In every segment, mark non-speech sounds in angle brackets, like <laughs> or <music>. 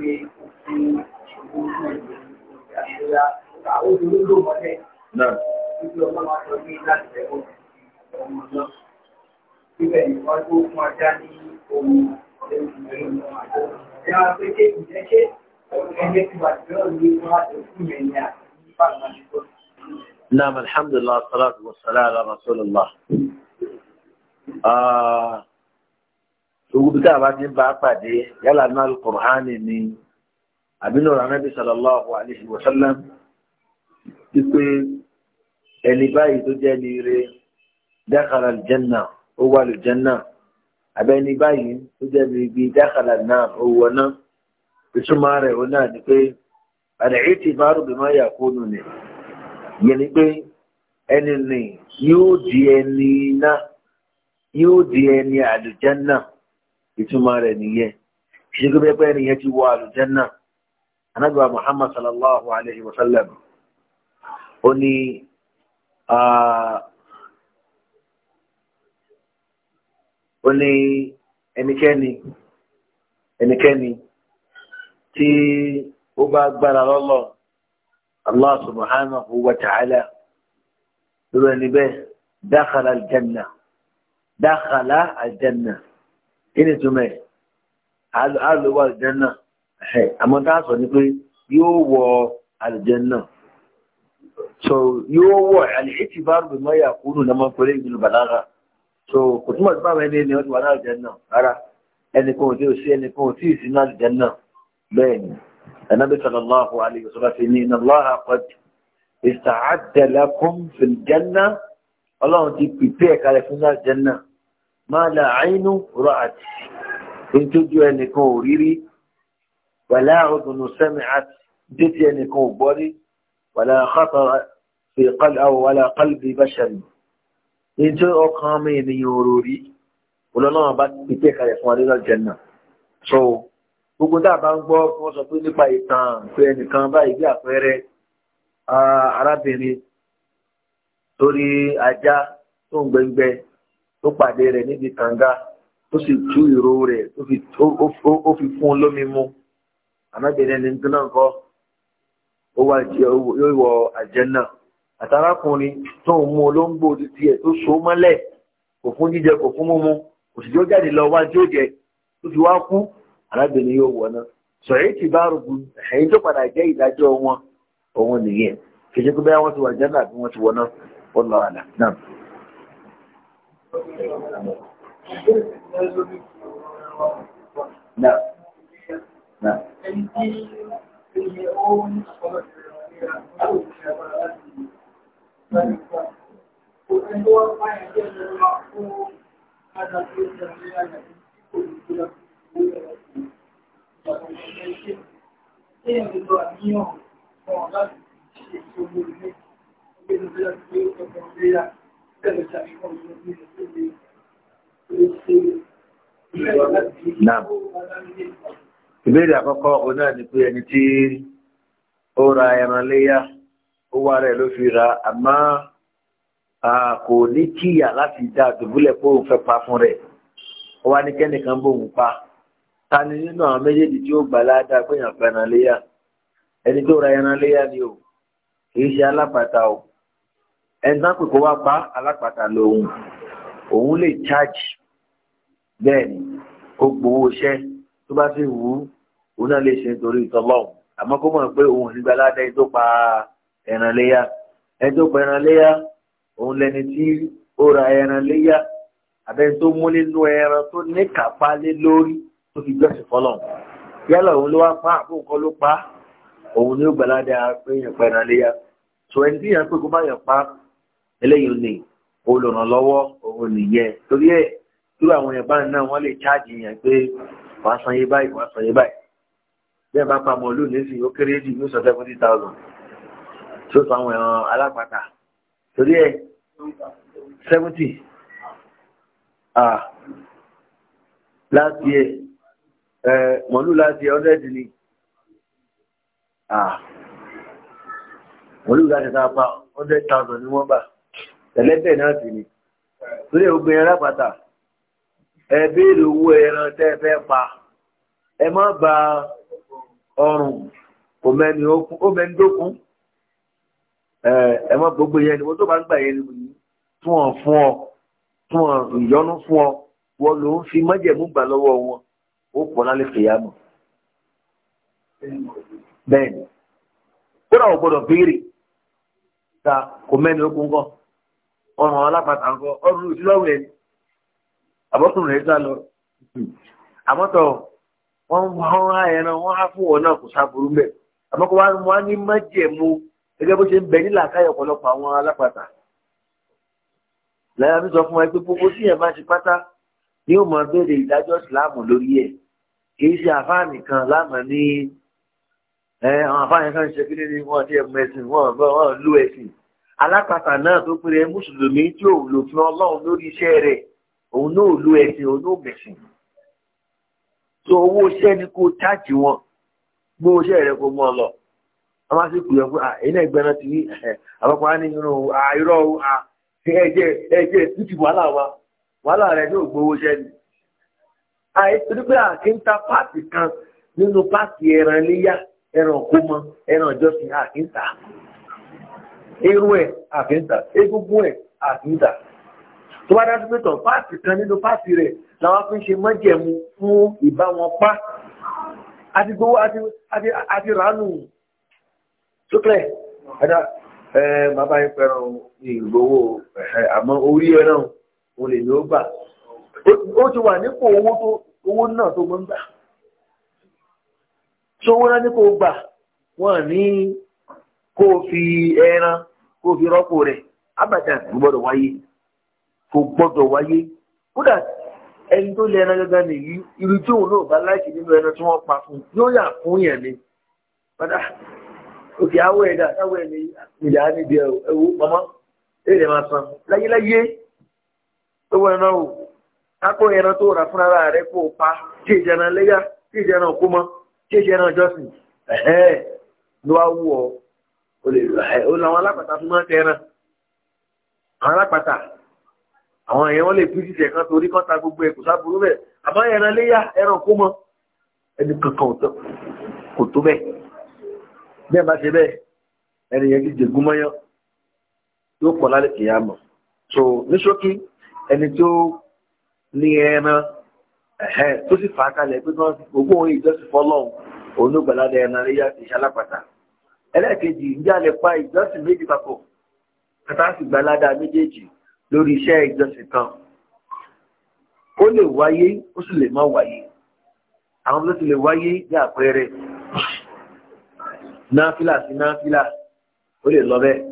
pé òfin ìṣòro ní ìlú ìṣòro àwọn olóńgbò mọ́lẹ̀ níbi ọmọ máa sọ ní láti ẹ̀kọ́ ọmọ náà. Síbẹ̀ ni wọ́n tó fún ajá ní ohun ẹ̀rù ọmọ àjọ. Ìyá pé ṣé ìjẹ́ ṣé ẹgbẹ́ ti wà jùlọ ní wọ́n á tó fún mi ní àti nípa ìgbàlejò. Naam alhamdulillah salatu wa salam ala rasulillah. Ah, gbogbo bí káàbá ti ń bá a pàdé yálà náà alukur'ani ni àbínú ọ̀rọ̀ anábì sallallahu alayhi wa sallam wípé ẹni báyìí tó jẹ́ ní ire dakhala aljanna ó wà aljanna abẹ́ni báyìí tó jẹ́ ní ibi náà ó wọ ìtumọ̀ rẹ̀ ó náà ni pé àdìrí ti bá rò má yà kó nù ni yẹn pé ẹni nì yóò di ẹni náà yóò di ẹni àlùjànnà náà ìtumọ̀ rẹ̀ nìyẹn kìí ṣe pé ẹni yẹn ti wọ àlùjànnà anábìwá muhammad sallallahu alayhi wa sallam ó ní ó ní ẹnikẹ́ni ẹnikẹ́ni tí ó bá gbára lọ́lọ́ allah subhanahu wa ta'ala lórí ẹni bẹ́ẹ̀ dakhala aljanna dakhala aljanna kí ni túmọ̀ ẹ̀ á lọ wọ àlùjánnà àmọ́ tá a sọ ni pé yóò wọ àlùjánnà so yóò wọ àlìhìtì bá rúbi mọ́ yàkúnù lọ́mọ pẹ̀lú ìlú bàlágà so kò túmọ̀ sí báwọn ẹni ẹni ọdún wà ní àlùjánnà rárá ẹnì kan ò tí ò sí ẹnì kan ò tí ì sí ní àlùjánnà bẹ́ẹ̀ ni النبي صلى الله عليه وسلم إن الله قد استعد لكم في الجنة الله أنت prepare kalẹ̀ fún náà máa là àínú ra'at nítorí ẹnìkan ò rírí wàlá ọdún sami'at dẹ́tí ẹnìkan ò gbọ́rí wàlá khatara fi qalbi aw wàlá qalbi bashar nítorí ọkàn mi ènìyàn ò rí olóńgbà bá ti pèsè kalẹ̀ fún adéjọ́ jẹ́nà so gbogbo tá a bá ń gbọ́ fún wọn sọ pé nípa ìtàn pé ẹnìkan báyìí bí àpẹẹrẹ arábìnrin torí ajá tó ń gbẹngbẹ tó pàdé rẹ̀ níbi kànga tó sì tú ìró rẹ̀ ó fi fún un lómi mu àmọ́bìnrin ẹni tó náà kọ́ ó wá jẹ yóò wọ àjẹnà àtàrákùnrin tó ń mú olóńgbò títí ẹ̀ tó so mọ́lẹ̀ kò fún jíjẹ kò fún mímu kò sì jọ jáde lọ wá jó jẹ tó fi wá kú arábìnrin yóò wọ̀ náà sọ̀rọ̀ ti bá rògbò ẹ̀yìn tó padà jẹ́ ìdájọ́ wọn òun nìyẹn kì í ṣe pé bẹ́ẹ̀ wọ́n ti wà jẹ́ náà bí wọ́n ti wọ̀ náà wọ́n lọ àlà náà. nou nan pon pouyo pouyo link teor candle nan pik yo ve pous sean Hot mess jou games pou yon SE Naam. Ìbéèrè àkọ́kọ́ òun náà ni pé ẹni tí ó ra ẹran léyá, ó wá rẹ̀ ló fi ra, àmọ́ kò ní kíyà láti dá dùbúlẹ̀ pé òun fẹ́ pa fún rẹ̀. Ó wá ní kẹ́nìkan bóun pa. Ta ni nínú àwọn méjèèjì tí ó gbà ládàá pé èèyàn pa ẹran léyá? Ẹni tó ra ẹran léyá ni o, kì ṣe alápàtà o ẹ̀ńtán pè kó wá pa alápàtà lòun òun lè charge bẹ́ẹ̀ ni ó gbowó iṣẹ́ tó bá sì wù ú òun náà lè ṣe nítorí ìtọ́lọ́hùn àmọ́ kó mọ̀ pé òun nígbà ládẹ́ tó pa ẹran léyà ẹni tó pa ẹran léyà òun lẹni tí ó ra ẹran léyà àbẹ́ni tó mú nínú ẹran tó ní kápá lé lórí tó fi gbẹ̀sìn fọlọ́n yálà òun ló wá pa àbúkọ ló pa òun ni ó gbà ládẹ́ pé èèyàn pa ẹran léyà sọ ẹni tí èèyàn pé kó má yàn pa eléyìí ni olùrànlọ́wọ́ òun nìyẹn torí ẹ̀ irú àwọn yẹn báyìí náà wọ́n lè cháàjì yẹn pé wàá san yé báyìí wàá san yé báyìí bẹ́ẹ̀ bá pa mọ̀lú nísìnyí ó kéré jù ní sọ seventy thousand tó sọ àwọn ẹ̀ràn alápàtà torí ẹ̀ seventy Ah. láti ẹ̀ mọ̀lú láti ẹ̀ hundred ni mọ̀lú láti ta pa hundred thousand ni wọ́n bá tẹ̀lẹ́tẹ̀ náà sì ni torí ogun ẹran pàtà ẹ béèrè owó ẹran tẹ́ ẹ fẹ́ pa ẹ má ba ọrùn kò mẹ́ni ó mẹ́ni dókun ẹ má gbogbo yẹn ni wọ́n tó bá ń gbà yẹn ni tún ọ̀ fún ọ tún ọ̀ ìyọnu fún ọ wọ́n ló ń fi májẹ̀mú gbà lọ́wọ́ wọn ó pọ̀ lálẹ́ fìyàmù bẹ́ẹ̀ ni kódà ò gbọ́dọ̀ béèrè ta kò mẹ́ni ó kún ọrùn alápàtà ń kọ ọrùn òjúlọ́wù rẹ̀ àbọ́kùnrin rẹ̀ sá lọ. àmọ́tọ̀ wọ́n wọ́n á ẹran wọ́n á fún wọn náà kò sáburú mẹ́ àmọ́kọ́ wọn á ní májẹ̀mú gẹ́gẹ́ bó ṣe ń bẹ nílà káyọ̀ ọ̀pọ̀lọpọ̀ àwọn alápàtà. lára mi sọ fún wa pé gbogbo tí yẹn máa ṣe pátá ni ó máa béèrè ìdájọ́ ìsìláàmù lórí ẹ̀ kì í ṣe àfáà nìkan láàmú ní àwọn àfáà yẹn kan ṣe kí alápàtà náà tó pere mùsùlùmí tí ò lò fún ọlọ́run lórí iṣẹ́ rẹ̀ òun náà lo ẹ̀sìn òun náà ni kó taji wọn gbó iṣẹ́ rẹ̀ kó mọ́ lọ wọ́n máa sì kúlọ̀ pé ẹ̀yin náà ti <laughs> àpapọ̀ á ní irun àìrọ̀ ẹ̀jẹ̀ títí wàhálà wa wàhálà rẹ̀ yóò iṣẹ́ ni àìsí pé àkíńtà pààtì kan nínú pààtì ẹran ẹran kó mọ ẹran ìjọsìn irun ẹ̀ àfíńtà egungun ẹ̀ àfíńtà tó bá dájú pé tọ̀ páàtì kan nínú páàtì rẹ̀ làwọn fi ń ṣe mọ́jẹ̀mú fún ìbáwọn pa àti gbowó àti ránù sókè ẹ̀dá ẹ̀ bàbá yín fẹ́ràn ìgbowó àmọ́ orí ẹran o lè ní ó gbà ó ti wà nípò owó náà tó mọ́ ń gbà sówó náà nípò gbà wọ́n ní kó fi ẹran kó fi rọ́pò rẹ̀ abàtà kò gbọ́dọ̀ wáyé kò gbọ́dọ̀ wáyé kódà ẹni tó lé ẹran gangan nìyí irú tí òun náà bá láìsí nínú ẹran tí wọ́n pa fún yóò yà fún yẹn ni padà òkè awọ ẹ̀dá ẹ̀ ní níbi pamọ́ máa san láyéláyé tó wọ ẹran o ẹran tó rà fúnra kó pa tí ẹran léyà tí ẹran kó mọ tí ẹran jọ́sìn ẹ̀hẹ́ ló wá wù ọ́. ó lè ó làwọn alápàtà tó máa ń tẹran àwọn alápàtà àwọn èèyàn wọn lè pín títẹ̀ kan torí kan ta gbogbo ẹ̀kọ́ sábúrú bẹ́ẹ̀ àbá ẹran léyà ẹran kó mọ ẹni kankan kò tó bẹ́ẹ̀ bí ẹ bá ṣe bẹ́ẹ̀ ẹni yẹn ti jẹ̀gún mọ́yán yóò pọ̀ lálẹ́ kìí àmọ̀ so ní ṣókí ẹni tó ní ẹran ẹ̀hẹ́ tó sì fà á kalẹ̀ pé kí wọ́n gbogbo òun ìjọsìn fọ́lọ́hún òun ló gbàlá ẹran léyà ìṣalápàtà ẹlẹ́ẹ̀kejì ǹjẹ́ a lè pa ìjọsìn méjì papọ̀ kàtà sì gba ládàá méjèèjì lórí iṣẹ́ ìjọsìn kan ó lè wáyé ó sì lè má wáyé àwọn tó ti lè wáyé ní àpẹẹrẹ náfìlà sí náfìlà ó lè lọ bẹ́ẹ̀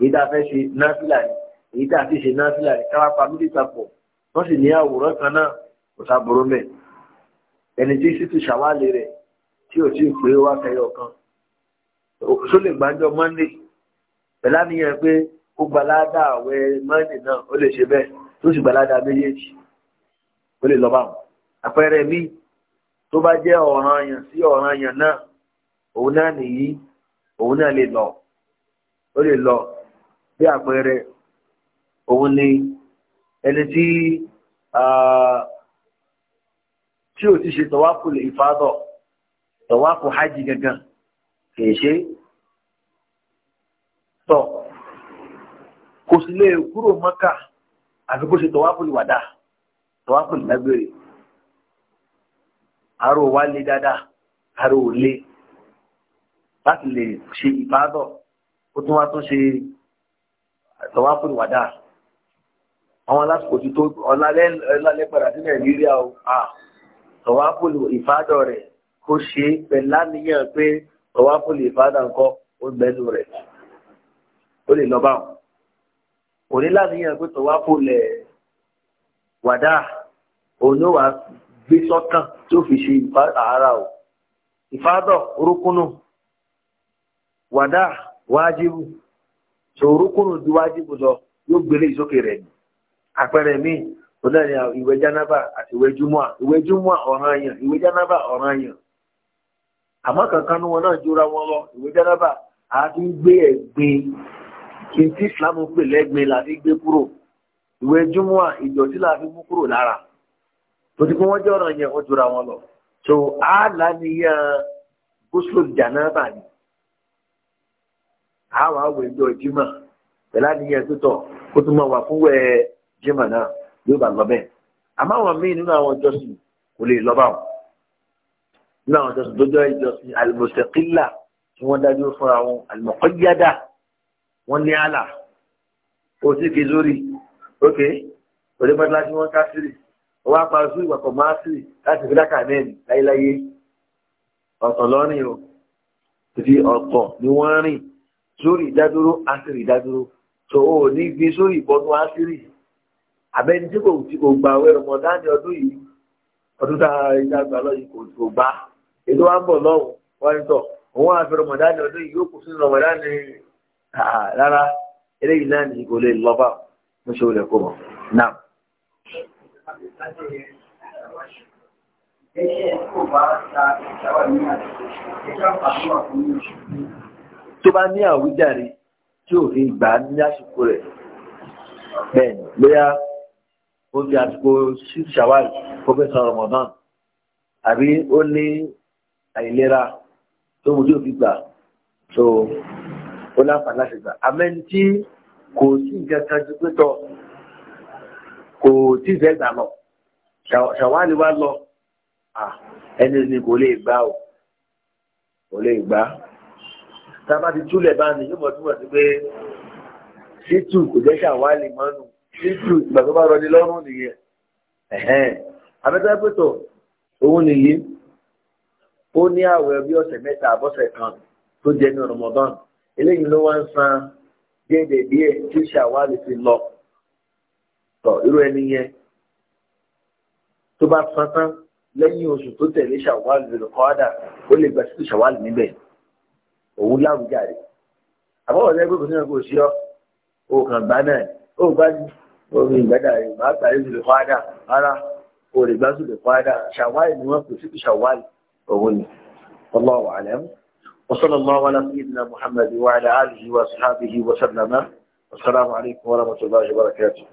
èyí tá a fẹ́ ṣe náfìlà ni èyí tá a ti ṣe náfìlà ni káwá pa mílíọ̀tà pọ̀ wọ́n sì ní àwòrán kan náà kò sábòrò mẹ́ ẹni tí sì ti ṣàwálé rẹ̀ tí ò tí ì pé wákẹ́yọ̀ kan só lè gbàjọ monday pẹ̀lá nìyẹn pé ó gbalada àwẹ̀ monday náà ó lè ṣe bẹ́ẹ̀ tó sì gbalada méjèèjì ó lè lọ bá wọn àpẹẹrẹ mi tó bá jẹ́ ọ̀ràn yàn sí ọ̀ràn yàn náà òun náà nìyí òun náà lè lọ ó lè lọ bí àpẹẹrẹ òun ni ẹni tí tí ò ti ṣe tọwáfù ìfádọ̀ tọwáfù hajj gangan kìí ṣe tọ̀ kò sì lè kúrò mọ́kà àfi kó ṣe tọ́wáfùlì wàdà tọ́wáfùlì lágbèrè àrò wa lé dáadáa àrò ò lé láti lè ṣe ìbádọ̀ ó tún wá tún ṣe tọ́wáfùlì wàdà àwọn alásìkò ti tó ọlálẹ́ padà sí nàìjíríà o tọ́wáfùlì ìbádọ̀ rẹ̀ kó ṣe pẹ̀lú pé ọwá kò lè fádà ńkọ́ ó gbẹ́nu rẹ̀ ó lè lọ bá wọn. òní láníyàn pé tọ́wá kò lẹ̀ wàdà òun ló wàá gbé sọ́kàn tó fi ṣe àárà o ìfádọ̀ orúkúnù wàdà wájibù tó orúkúnù ju wájibù lọ yóò gbélé ìsókè rẹ̀ ni àpẹẹrẹ míì ó náà ní ìwé jánábà àti ìwé júmọ́à ìwé júmọ́à ọ̀ranyàn ìwé jánábà ọ̀ranyàn àmọ́ kankan ní wọn náà jóra wọn lọ ìwé jẹ́nàbà a ti ń gbé ẹ̀gbin kí n tí islam pè lẹ́gbin la fi gbé kúrò ìwé júmọ́à ìdọ̀tí la fi mú kúrò lára tó ti pé wọ́n jẹ́ ọ̀ràn yẹn wọ́n jóra wọn lọ so a lánìyàn gúúsùlù jànàbà ni a wà wọ ìjọ jimá pẹ̀lú àníyàn pẹ̀tọ̀ kó tún máa wà fún wẹ̀ jimá náà yóò bá lọ bẹ́ẹ̀ àmọ́ àwọn míì nínú àwọn ìjọsìn kò lè lọ báwọn nínú àwọn ìjọsìn tó jọ ìjọsìn àlùmọ̀sẹ̀kílà tí wọ́n dájú fúnra wọn àlùmọ̀kọ́yádà wọ́n ní àlà òsì kejori ok onígbàdúrà tí wọ́n ká sírì wọ́n á parí sí ìwàkọ̀ máa sírì láti fi dákà mẹ́rin láyéláyé ọ̀tọ̀ lọ́rìn o ti ọ̀tọ̀ ni wọ́n rìn sórí ìdádúró àṣírí ìdádúró tó o ní gbé sórí ìbọnú àṣírí àbẹ́ni tí kò gbà wẹ́rọ̀mọ̀dá ní ọdún yìí ọdún tá a rí dágbà lọ́yìn kò gbà ètò wa ń bọ̀ lọ́wọ́ wọ́n ń tọ̀ òun àfi rọmọdánì ọdún yìí yóò kù sínú rọmọdánì rárá eléyìí náà ní ìgò lè lọ bá mo ṣe olè kó mọ náà. tó bá ní àwíjàre tí ò fi gbà á ní àsìkò rẹ̀ bẹ́ẹ̀ ni bóyá ó fi àsìkò ṣíṣàwárí kó fẹ́ san rọmọdánì àbí ó ní àìlera tó mú tí fi gbà so ó láǹfààní láti gbà àmẹ́ni tí kò sí nǹkan kan ju pé tọ kò tí ì fẹ́ gbà lọ ṣàwárí wa lọ ẹni ni kò lè gbà o kò lè gbà tábà ti túlẹ̀ bá ní yóò mọ̀ túmọ̀ sí pé sítù kò jẹ́ ṣàwárí mọ́nù sítù ìgbà tó bá rọ ní lọ́rùn nìyẹn abẹ́tẹ́ pẹ̀tọ̀ òun nìyí ó ní àwẹ̀ bí ọ̀sẹ̀ mẹ́ta àbọ̀sẹ̀ kan tó jẹ́ ní Ramadan eléyìí ló wá ń san déédéé díẹ̀ tí ṣàwálì ti lọ tọ̀ irú ẹni yẹn tó bá san tán lẹ́yìn oṣù tó tẹ̀lé ṣàwálì lè kọ́ ádà ó lè gba sí ṣàwálì níbẹ̀ òun láwùjá rẹ̀ àbọ̀wọ̀ lẹ́gbẹ̀ẹ́ kò sí ọkọ̀ òṣì ọ́ òkàn gbá náà ó gbá omi ìgbádà rẹ̀ má gbà lè kọ́ ádà rárá òrè gbá sí lè kọ́ ádà ṣàwálì ni wọ́n kò sí ṣàwálì أقول الله أعلم وصلى الله على سيدنا محمد وعلى آله وأصحابه وسلم السلام عليكم ورحمة الله وبركاته